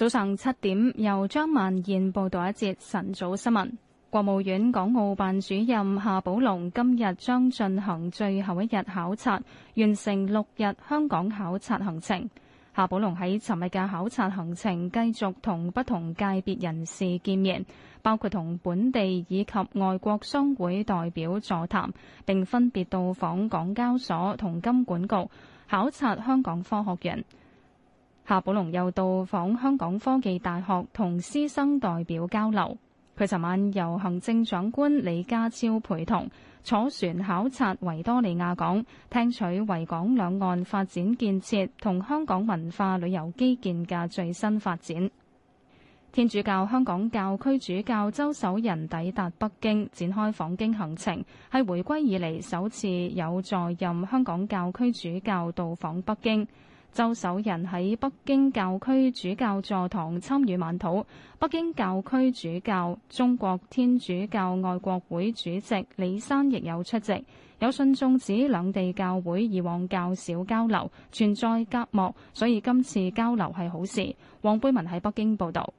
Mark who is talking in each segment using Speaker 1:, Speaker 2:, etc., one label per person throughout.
Speaker 1: 早上七點，由張萬燕報道一節晨早新聞。國務院港澳辦主任夏寶龍今日將進行最後一日考察，完成六日香港考察行程。夏寶龍喺尋日嘅考察行程繼續同不同界別人士見面，包括同本地以及外國商會代表座談，並分別到訪港交所同金管局考察香港科學院。夏寶龍又到訪香港科技大學同師生代表交流。佢尋晚由行政長官李家超陪同坐船考察維多利亞港，聽取維港兩岸發展建設同香港文化旅遊基建嘅最新發展。天主教香港教區主教周守仁抵達北京，展開訪京行程，係回歸以嚟首次有在任香港教區主教到訪北京。周守仁喺北京教區主教座堂參與晚禱，北京教區主教、中國天主教愛國會主席李山亦有出席。有信眾指兩地教會以往較少交流，存在隔膜，所以今次交流係好事。黃貝文喺北京報導，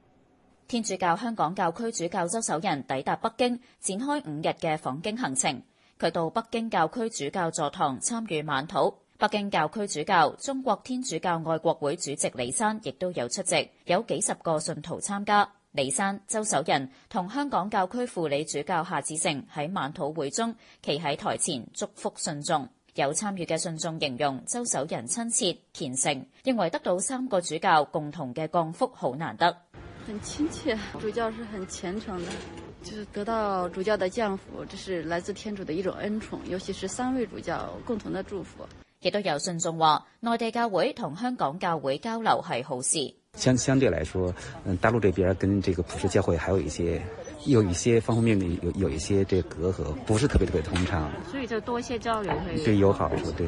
Speaker 2: 天主教香港教區主教周守仁抵達北京，展開五日嘅訪京行程。佢到北京教區主教座堂參與晚禱。北京教區主教、中國天主教愛國會主席李山亦都有出席，有幾十個信徒參加。李山、周守仁同香港教區輔理主教夏志誠喺晚禱會中企喺台前祝福信眾。有參與嘅信眾形容周守仁親切虔誠，認為得到三個主教共同嘅降福好難得。很親
Speaker 3: 切，主教是很虔誠的，就是得到主教的
Speaker 2: 降福，這、就是來自天主的一種恩寵，尤其是三位主教共同的祝福。亦都有信眾話，內地教會同香港教會交流係好事。
Speaker 4: 相相對來說，大陸這邊跟這個普世教會還有一些，有一些方方面面有有一些這個隔閡，不是特別特別通暢。所
Speaker 2: 以就多一些交流係，對
Speaker 4: 有好處。對。對。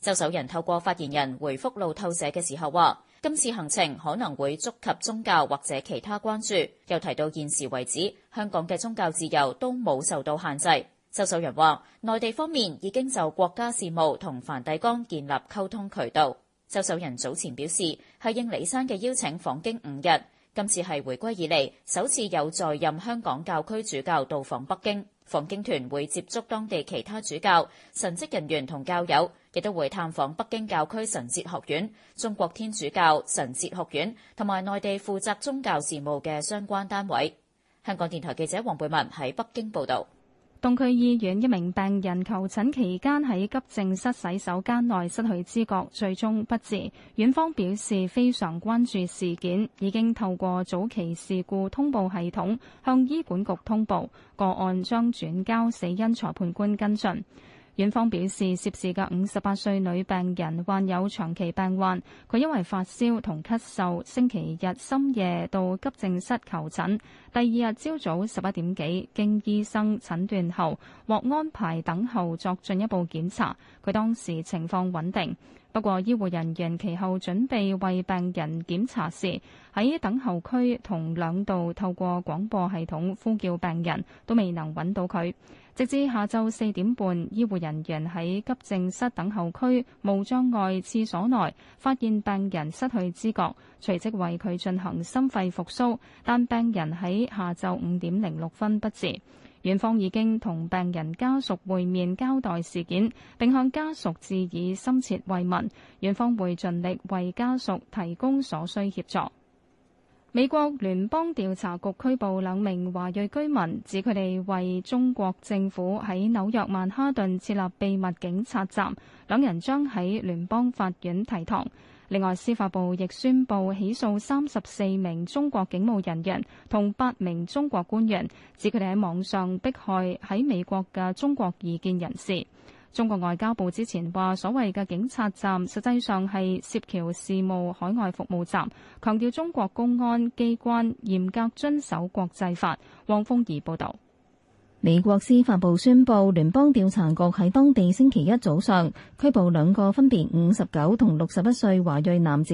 Speaker 2: 周守仁透過發言人回覆路透社嘅時候話，今次行程可能會觸及宗教或者其他關注。又提到現時為止，香港嘅宗教自由都冇受到限制。周守仁話：內地方面已經就國家事務同梵蒂岡建立溝通渠道。周守仁早前表示，係應李山嘅邀請訪京五日，今次係回歸以嚟，首次有在任香港教區主教到訪北京。訪京團會接觸當地其他主教、神職人員同教友，亦都會探訪北京教區神哲學院、中國天主教神哲學院同埋內地負責宗教事務嘅相關單位。香港電台記者黃貝文喺北京報道。
Speaker 1: 東區醫院一名病人求診期間喺急症室洗手間內失去知覺，最終不治。院方表示非常關注事件，已經透過早期事故通報系統向醫管局通報個案，將轉交死因裁判官跟進。院方表示，涉事嘅五十八歲女病人患有長期病患，佢因為發燒同咳嗽，星期日深夜到急症室求診，第二日朝早十一點幾，經醫生診斷後，獲安排等候作進一步檢查。佢當時情況穩定。不過，醫護人員其後準備為病人檢查時，喺等候區同兩度透過廣播系統呼叫病人，都未能揾到佢。直至下晝四點半，醫護人員喺急症室等候區、無障礙廁所內發現病人失去知覺，隨即為佢進行心肺復甦，但病人喺下晝五點零六分不治。院方已經同病人家屬會面交代事件，並向家屬致以深切慰問。院方會盡力為家屬提供所需協助。美國聯邦調查局拘捕兩名華裔居民，指佢哋為中國政府喺紐約曼哈頓設立秘密警察站。兩人將喺聯邦法院提堂。另外，司法部亦宣布起訴三十四名中國警務人員同八名中國官員，指佢哋喺網上迫害喺美國嘅中國異見人士。中國外交部之前話所謂嘅警察站，實際上係涉僑事務海外服務站，強調中國公安機關嚴格遵守國際法。汪峰儀報道。
Speaker 3: 美國司法部宣布，聯邦調查局喺當地星期一早上拘捕兩個分別五十九同六十一歲華裔男子，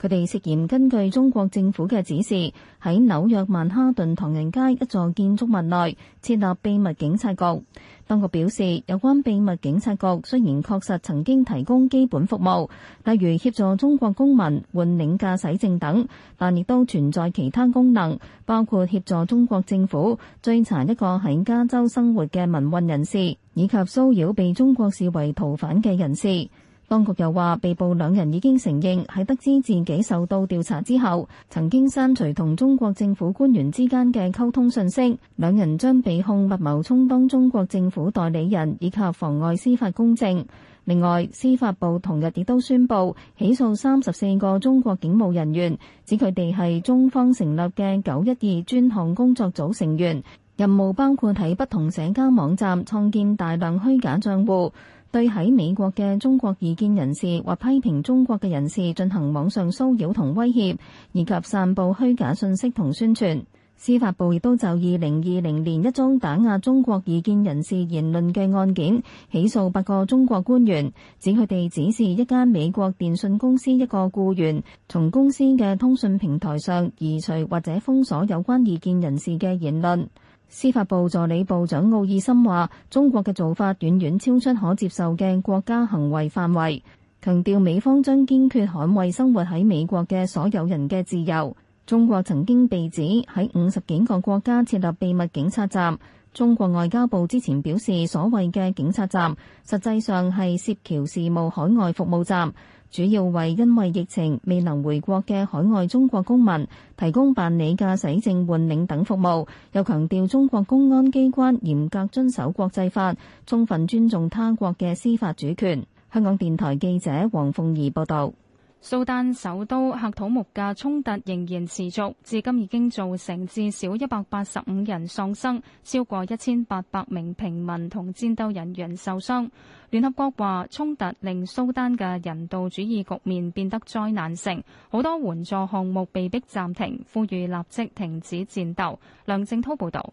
Speaker 3: 佢哋涉嫌根據中國政府嘅指示，喺紐約曼哈頓唐人街一座建築物內設立秘密警察局。當局表示，有關秘密警察局雖然確實曾經提供基本服務，例如協助中國公民換領駕駛證等，但亦都存在其他功能，包括協助中國政府追查一個喺加州生活嘅民運人士，以及騷擾被中國視為逃犯嘅人士。當局又話，被捕兩人已經承認喺得知自己受到調查之後，曾經刪除同中國政府官員之間嘅溝通訊息。兩人將被控密謀充當中國政府代理人以及妨礙司法公正。另外，司法部同日亦都宣布起訴三十四個中國警務人員，指佢哋係中方成立嘅九一二專項工作組成員，任務包括喺不同社交網站創建大量虛假賬戶。對喺美國嘅中國異見人士或批評中國嘅人士進行網上騷擾同威脅，以及散布虛假信息同宣傳。司法部亦都就二零二零年一宗打壓中國異見人士言論嘅案件，起訴八個中國官員，指佢哋指示一間美國電訊公司一個僱員，從公司嘅通訊平台上移除或者封鎖有關異見人士嘅言論。司法部助理部長奧爾森話，中國嘅做法遠遠超出可接受嘅國家行為範圍，強調美方將堅決捍衛生活喺美國嘅所有人嘅自由。中國曾經被指喺五十幾個國家設立秘密警察站。中國外交部之前表示，所謂嘅警察站實際上係涉僑事務海外服務站，主要為因為疫情未能回國嘅海外中國公民提供辦理駕駛證換領等服務。又強調中國公安機關嚴格遵守國際法，充分尊重他國嘅司法主權。香港電台記者黃鳳儀報道。
Speaker 1: 蘇丹首都喀土穆嘅衝突仍然持續，至今已經造成至少一百八十五人喪生，超過一千八百名平民同戰鬥人員受傷。聯合國話，衝突令蘇丹嘅人道主義局面變得災難性，好多援助項目被迫暫停，呼籲立即停止戰鬥。梁正滔報導。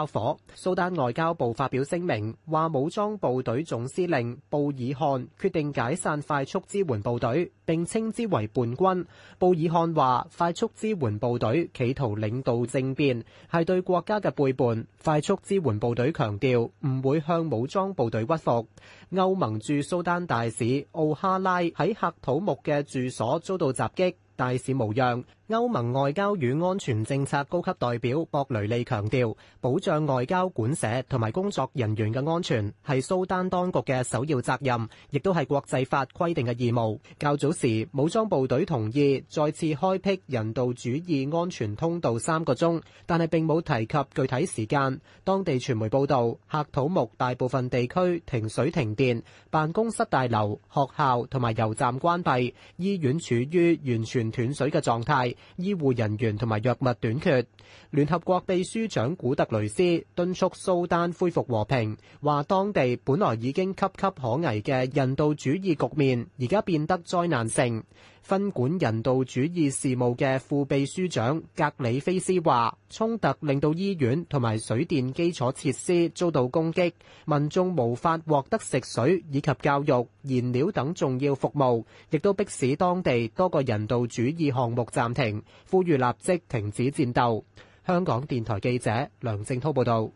Speaker 4: 交火，蘇丹外交部發表聲明，話武裝部隊總司令布爾漢決定解散快速支援部隊，並稱之為叛軍。布爾漢話：快速支援部隊企圖領導政變，係對國家嘅背叛。快速支援部隊強調唔會向武裝部隊屈服。歐盟駐蘇丹大使奧哈拉喺赫土木嘅住所遭到襲擊，大使無恙。歐盟外交與安全政策高級代表博雷利強調，保障外交館舍同埋工作人員嘅安全係蘇丹當局嘅首要責任，亦都係國際法規定嘅義務。較早時，武裝部隊同意再次開闢人道主義安全通道三個鐘，但係並冇提及具體時間。當地傳媒報道，喀土木大部分地區停水停電，辦公室大樓、學校同埋油站關閉，醫院處於完全斷水嘅狀態。醫護人員同埋藥物短缺。聯合國秘書長古特雷斯敦促蘇丹恢復和平，話當地本來已經岌岌可危嘅人道主義局面，而家變得災難性。分管人道主義事務嘅副秘書長格里菲斯話：衝突令到醫院同埋水電基礎設施遭到攻擊，民眾無法獲得食水以及教育、燃料等重要服務，亦都迫使當地多個人道主義項目暫停，呼籲立即停止戰鬥。香港電台記者梁正滔報導。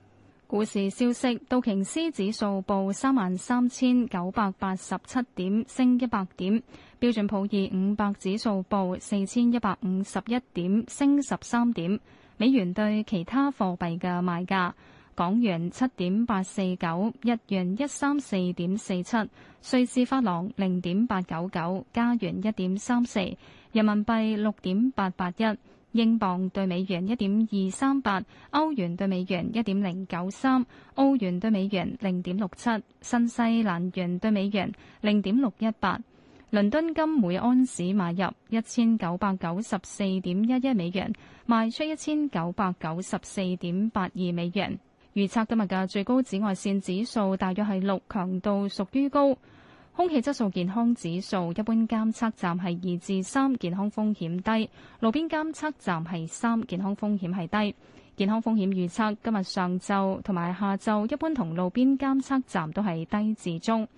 Speaker 1: 股市消息，道瓊斯指數報三萬三千九百八十七點，升一百點；標準普爾五百指數報四千一百五十一點，升十三點。美元對其他貨幣嘅賣價：港元七點八四九，日元一三四點四七，瑞士法郎零點八九九，加元一點三四，人民幣六點八八一，英鎊對美元一點二三八，歐元對美元一點零九三，澳元對美元零點六七，新西蘭元對美元零點六一八。倫敦金每安士買入一千九百九十四點一一美元，賣出一千九百九十四點八二美元。預測今日嘅最高紫外綫指數大約係六，強度屬於高。空氣質素健康指數一般監測站係二至三，健康風險低；路邊監測站係三，健康風險係低。健康風險預測今日上晝同埋下晝一般同路邊監測站都係低至中。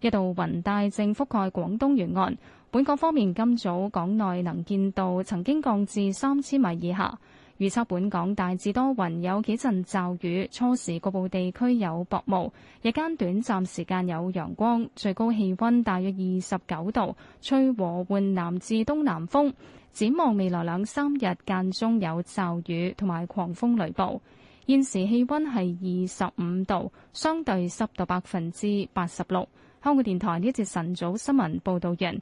Speaker 1: 一度雲帶正覆蓋廣東沿岸。本港方面，今早港內能見度曾經降至三千米以下。預測本港大致多雲，有幾陣驟雨。初時局部地區有薄霧，日間短暫時間有陽光。最高氣温大約二十九度，吹和緩南至東南風。展望未來兩三日間中有驟雨同埋狂風雷暴。現時氣温係二十五度，相對濕度百分之八十六。香港電台呢一節晨早新聞報道完。